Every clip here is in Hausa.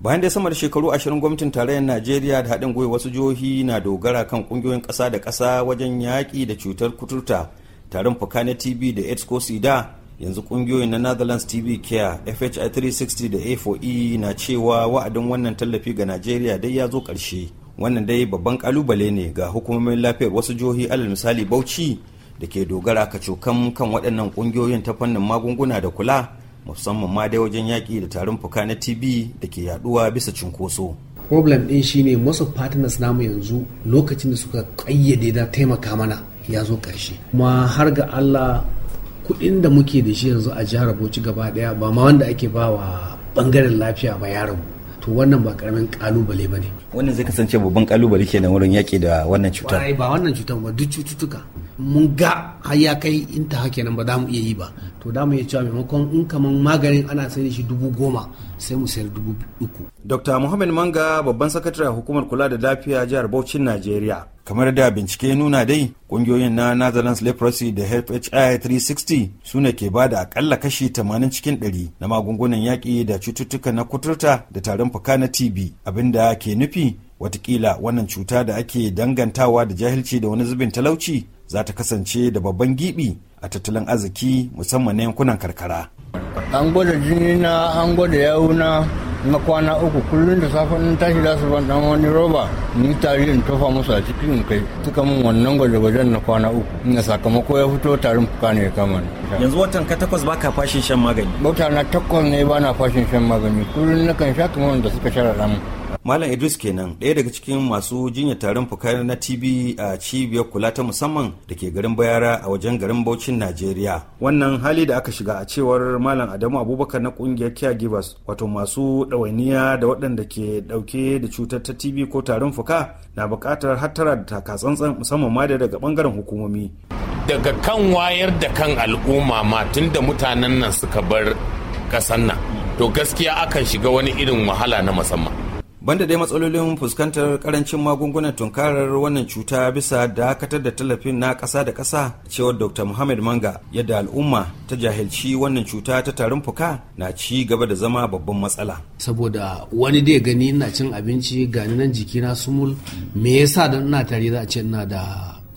bayan da sama da shekaru ashirin gwamnatin tarayyar najeriya da haɗin gwiwa wasu jihohi na dogara kan ƙungiyoyin ƙasa da ƙasa wajen yaƙi da cutar kuturta tarin fuka na tb da aids ko sida yanzu ƙungiyoyin na netherlands tb care fhi 360 da a4e na cewa wa'adin wannan tallafi ga najeriya dai ya zo ƙarshe wannan dai babban ƙalubale ne ga hukumomin lafiyar wasu jihohi alal misali bauchi da ke dogara kacokan kan waɗannan ƙungiyoyin ta fannin magunguna da kula musamman ma dai wajen yaƙi da tarin fuka na tb da ke yaduwa bisa cunkoso problem ɗin shine masu partners namu yanzu lokacin da suka ƙayyade na taimaka mana ya zo ƙarshe kuma har ga allah kuɗin da muke da shi yanzu a jihar bauchi gaba ɗaya ba ma wanda ake ba wa ɓangaren lafiya ba ya rabu to wannan ba karamin kalubale ba ne wannan zai kasance babban kalubale kenan wurin yaƙi da wannan cutar ba wannan cutar ba duk cututtuka mun ga har ya kai in ta hake nan ba za mu iya yi ba to da mu iya cewa maimakon in kaman maganin ana sayar shi dubu goma sai mu sayar dubu uku. Dr. Muhammad Manga babban sakataren hukumar kula da lafiya jihar Bauchin Najeriya. Kamar da bincike nuna dai kungiyoyin na Netherlands Leprosy da HHI 360 su ne ke da akalla kashi 80 cikin 100 na magungunan yaƙi da cututtuka na kuturta da tarin fuka na TB abinda ke nufi watakila wannan cuta da ake dangantawa da jahilci da wani zubin talauci za ta kasance da babban gibi a tattalin arziki musamman na yankunan karkara. An gwada jini na an gwada yawu na na kwana uku kullum da safe in tashi za su ban wani roba ni tari in tofa musu a cikin kai suka min wannan gwaje-gwajen na kwana uku ina sakamako ya fito tarin fuka ne kama ni. Yanzu watan ka takwas ka fashin shan magani. Wata na takwas ne ba na fashin shan magani kullum kan sha kamar wanda suka shara ramu. Malam Idris kenan ɗaya daga cikin masu jinya tarin fuka na TB a cibiyar kula ta musamman da ke garin Bayara a wajen garin bauchi Najeriya. Wannan hali da aka shiga a cewar Malam Adamu Abubakar na kungiyar Caregivers wato masu ɗawainiya da waɗanda ke ɗauke da cutar ta TB ko tarin fuka na buƙatar hattara da takatsantsan musamman ma da daga ɓangaren hukumomi. Daga kan wayar da kan al'umma ma tun mutanen nan suka bar ƙasan nan to gaskiya akan shiga wani irin wahala na musamman. banda dai matsalolin fuskantar karancin magungunan tunkarar wannan cuta bisa dakatar da tallafin na kasa da kasa cewar dr muhammad manga yadda al'umma ta jahilci wannan cuta ta tarin fuka na ci gaba da zama babban matsala saboda wani dai gani ina cin abinci gani nan jikina sumul me yasa dan ina tare za a ce ina da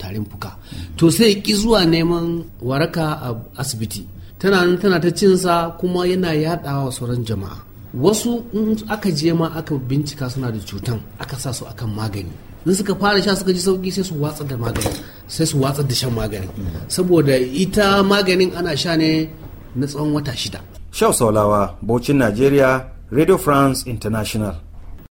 tarin fuka to sai ki zuwa neman waraka a asibiti tana nan tana ta cinsa kuma yana yaɗawa sauran jama'a wasu in aka je ma aka bincika suna da cutan aka sa su akan magani in suka fara sha suka ji sauki sai su watsar da magani sai su watsar da shan magani saboda ita maganin ana sha ne na tsawon wata shida shau saulawa Bocin najeriya radio france international